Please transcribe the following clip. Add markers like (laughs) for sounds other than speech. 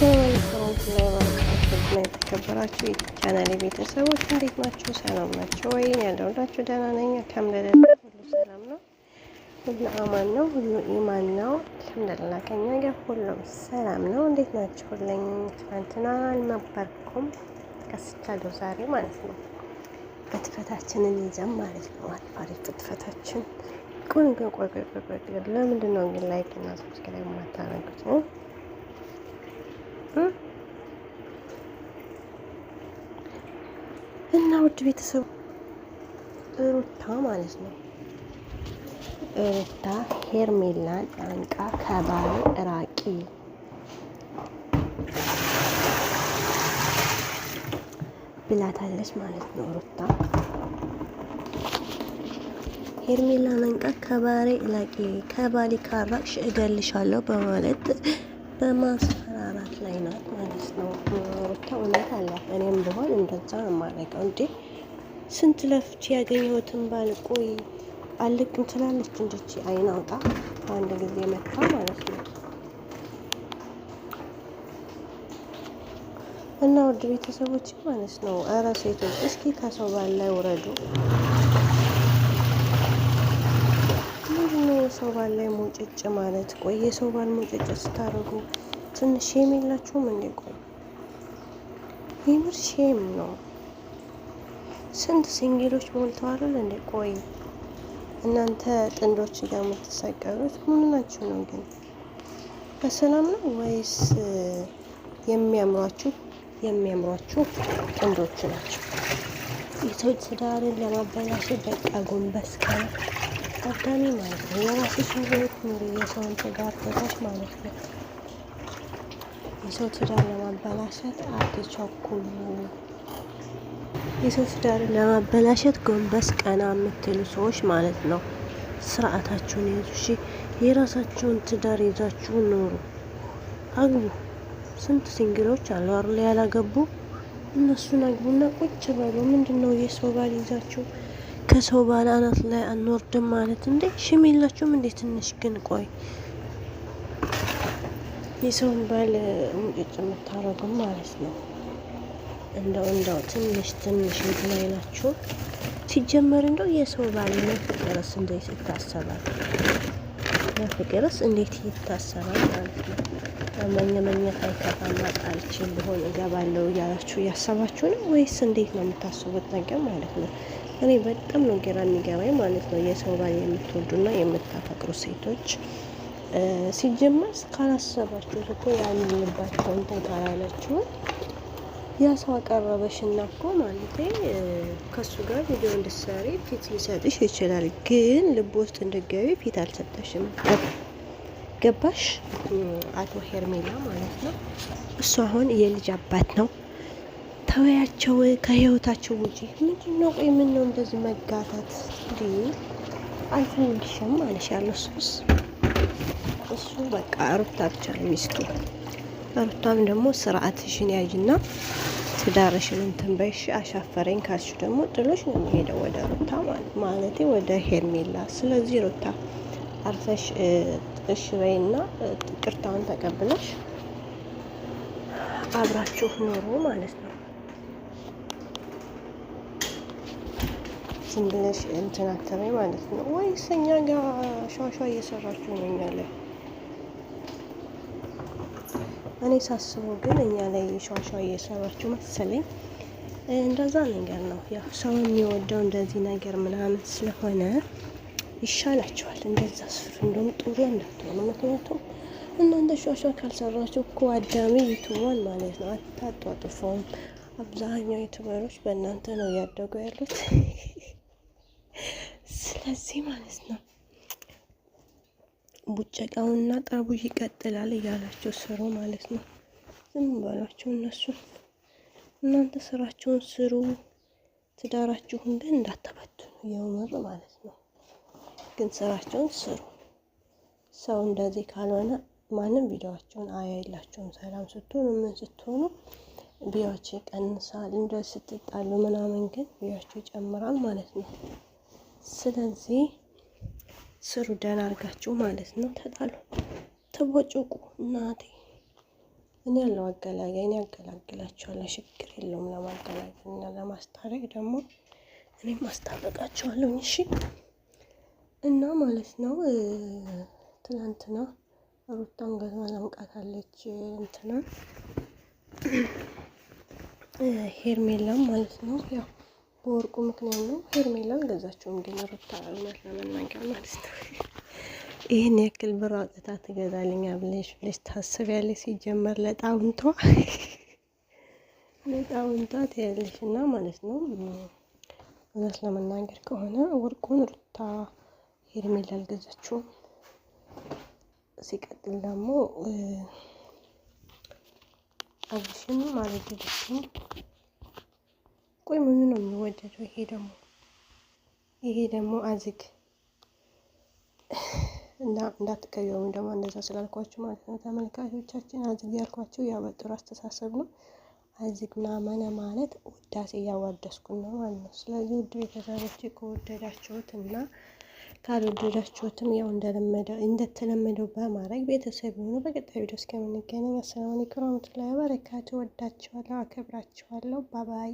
ሰላም ሰላም የተከበራችሁ የቻናሌ ቤተሰቦች እንዴት ናችሁ? ሰላም ናቸው ወይ? ያለውላችሁ ደህና ነኝ። አልሐምዱሊላህ ሁሉ ሰላም ነው፣ ሁሉ አማን ነው፣ ሁሉ ኢማን ነው። አልሐምዱሊላህ ከኛ ጋር ሁሉም ሰላም ነው። እንዴት ናችሁ? ናችሁልኝ? ትናንትና አልነበርኩም ከስቻለሁ ዛሬ ማለት ነው። ፍትፈታችንን ይዘን ማለት ነው። አሪፍ ፍትፈታችን ቆንጆ ቆይ ቆይ ቆይ ቆይ። ለምንድን ነው ግን ላይክ እና ሰብስክራይብ ማታረጉት ነው? ውድ ቤተሰብ ሩታ ማለት ነው ሩታ ሄርሜላን አንቃ ከባሌ ራቂ ብላታለች ማለት ነው። ሩታ ሄርሜላ አንቃ ከባሌ ላቂ ከባሊ ካራቅሽ እገልሻለሁ በማለት በማስፈራራት ላይ ናት ማለት ነው። ሩታ እውነት አላት። እኔም ብሆን እንደዛ ነው የማደርገው እንዴ ስንት ለፍቼ ያገኘሁትን ባል ቆይ አልቅም ትላለች። እንደች አይን አውጣ በአንድ ጊዜ መታ ማለት ነው። እና ውድ ቤተሰቦች ማለት ነው። እረ ሴቶች እስኪ ከሰው ባል ላይ ውረዱ። ምንድነው ሰው ባል ላይ ሞጭጭ ማለት? ቆይ የሰው ባል ሙጭጭ ስታደርጉ ትንሽ ሼም የላችሁም እንዴ? የምር ሼም ነው። ስንት ሲንግሎች ሞልተዋል እንዴ? ቆይ እናንተ ጥንዶች ጋር የምትሰቀሉት ምን ናችሁ ነው? ግን በሰላም ነው ወይስ የሚያምሯችሁ የሚያምሯችሁ ጥንዶቹ ናቸው? የሰዎች ትዳርን ለማበላሸት በቃ ጎንበስ ካለ ቀዳሚ ማለት ነው። የራስሽ ህይወት ኑሪ፣ የሰውን ትዳር በታች ማለት ነው። የሰው ትዳር ለማበላሸት አትቸኩሉ። የሰው ትዳር ለማበላሸት ጎንበስ ቀና የምትሉ ሰዎች ማለት ነው፣ ስርዓታችሁን ይዙ። እሺ የራሳችሁን ትዳር ይዛችሁ ኑሩ፣ አግቡ። ስንት ሲንግሎች አሉ አርላ ያላገቡ፣ እነሱን አግቡና ቁጭ በሉ። ምንድን ነው የሰው ባል ይዛችሁ ከሰው ባል አናት ላይ አንወርድም ማለት እንዴ? ሽም የላችሁም እንዴ? ትንሽ ግን ቆይ የሰውን ባል ሙጭጭ የምታረጉም ማለት ነው። እንደው እንደው ትንሽ ትንሽ እንትን አይላችሁ። ሲጀመር እንደው የሰው ባል ፍቅርስ እንዴት ይታሰባል? ፍቅርስ እንዴት ይታሰባል ማለት ነው። መኘ መኘት አይከፋም። ጣልችን ቢሆን እገባለሁ እያላችሁ እያሰባችሁ ነው ወይስ እንዴት ነው የምታስቡት ነገር ማለት ነው? እኔ በጣም ነው ግራ የሚገባኝ ማለት ነው። የሰው ባል የምትወዱና የምታፈቅሩ ሴቶች ሲጀመር ካላሰባችሁት እኮ ያለባቸውን ተቃራላችሁን ያ ሰው አቀረበሽ እና እኮ ማለቴ ከሱ ጋር ቪዲዮ እንድትሰሪ ፊት ሊሰጥሽ ይችላል፣ ግን ልብ ውስጥ እንድገቢ ፊት አልሰጠሽም። ገባሽ? አቶ ሄርሜላ ማለት ነው። እሱ አሁን የልጅ አባት ነው። ተወያቸው፣ ከህይወታቸው ውጪ ምንድን ነው? ቆይ ምን ነው እንደዚህ መጋታት? እንዲ አልፈልግሽም አለሽ ያለው እሱስ እሱ በቃ ሩታቻ ሚስቱ ሩታም ደግሞ ስርዓትሽን ያዥና ትዳርሽን እንትን በይሽ። አሻፈረኝ ካልሽ ደግሞ ጥሎሽ ነው የሚሄደው ወደ ሩታ ማለቴ ወደ ሄርሜላ። ስለዚህ ሩታ አርፈሽ እሽ በይና ቅርታውን ተቀብለሽ አብራችሁ ኖሮ ማለት ነው። ዝም ብለሽ እንትን አትበይ ማለት ነው። ወይስ እኛ ጋር ሸዋሸዋ እየሰራችሁ ነው እኛ ላይ እኔ ሳስበው ግን እኛ ላይ ሸዋሸዋ እየሰራችሁ መሰለኝ። እንደዛ ነገር ነው ያው ሰው የሚወደው እንደዚህ ነገር ምናምን ስለሆነ ይሻላችኋል። እንደዛ ስሩ፣ እንደውም ጥሩ እንዳትሆኑ። ምክንያቱም እናንተ ሸዋሸዋ ካልሰራችሁ እኮ አዳሚ ዩቱቧን ማለት ነው አታጧጥፎም አብዛኛው ዩቱበሮች በእናንተ ነው እያደጉ ያሉት። (laughs) ስለዚህ ማለት ነው ቡጨቃውና ጠርቡጅ ይቀጥላል እያላቸው ስሩ ማለት ነው። ዝም በሏቸው እነሱ እናንተ ስራቸውን ስሩ፣ ትዳራችሁን ግን እንዳታበትኑ የምር ማለት ነው። ግን ስራቸውን ስሩ። ሰው እንደዚህ ካልሆነ ማንም ቪዲዮዋቸውን አያይላቸውም። ሰላም ስትሆኑ ምን ስትሆኑ ቪዲዮዋቸው ይቀንሳል። እንደ ስትጣሉ ምናምን ግን ቪዲዮዋቸው ይጨምራል ማለት ነው። ስለዚህ ስሩ ደህና አርጋችሁ ማለት ነው። ተጣሉ፣ ተቦጭቁ። እናቴ እኔ ያለው አገላጋይ እኔ አገላግላችኋለሁ። ችግር የለውም። ለማገላገል እና ለማስታረቅ ደግሞ እኔ ማስታረቃችኋለሁ። እሺ። እና ማለት ነው ትናንትና ሩታን ገዛ ለምቃታለች እንትና ሄርሜላም ማለት ነው ያው በወርቁ ምክንያት ነው። ሄርሜላን አልገዛችውም ግን እውነት ለመናገር ማለት ነው ይህን ያክል ብር አውጥታ ትገዛልኛ ብለሽ ብለሽ ያለ ሲጀመር ለጣውንቷ ለጣውንቷ ትያለሽ እና ማለት ነው። እውነት ለመናገር ከሆነ ወርቁን ሩታ ሄርሜላ አልገዛችውም። ሲቀጥል ደግሞ አብሽን ማለት ቆይ ምኑ ነው የሚወደደው? ይሄ ደግሞ ይሄ ደግሞ አዝግ እና እንዳትቀየሙ ደግሞ እንደዛ ማለት ነው ተመልካቾቻችን። አዝግ ያልኳቸው ያው አስተሳሰብ ነው። አዝግ ምናምን ማለት ውዳሴ እያዋደስኩን ነው ማለት ነው። ስለዚህ ውድ ቤተሰቦች ከወደዳችሁት እና ካልወደዳችሁትም ያው እንደለመደው እንደተለመደው በማድረግ ቤተሰብ ሆኑ። በቀጣዩ ቪዲዮ እስከምንገናኝ አሰላሙ አለይኩም ወረህመቱላሂ ወበረካቱ። ወዳችኋለሁ፣ አከብራችኋለሁ። ባባይ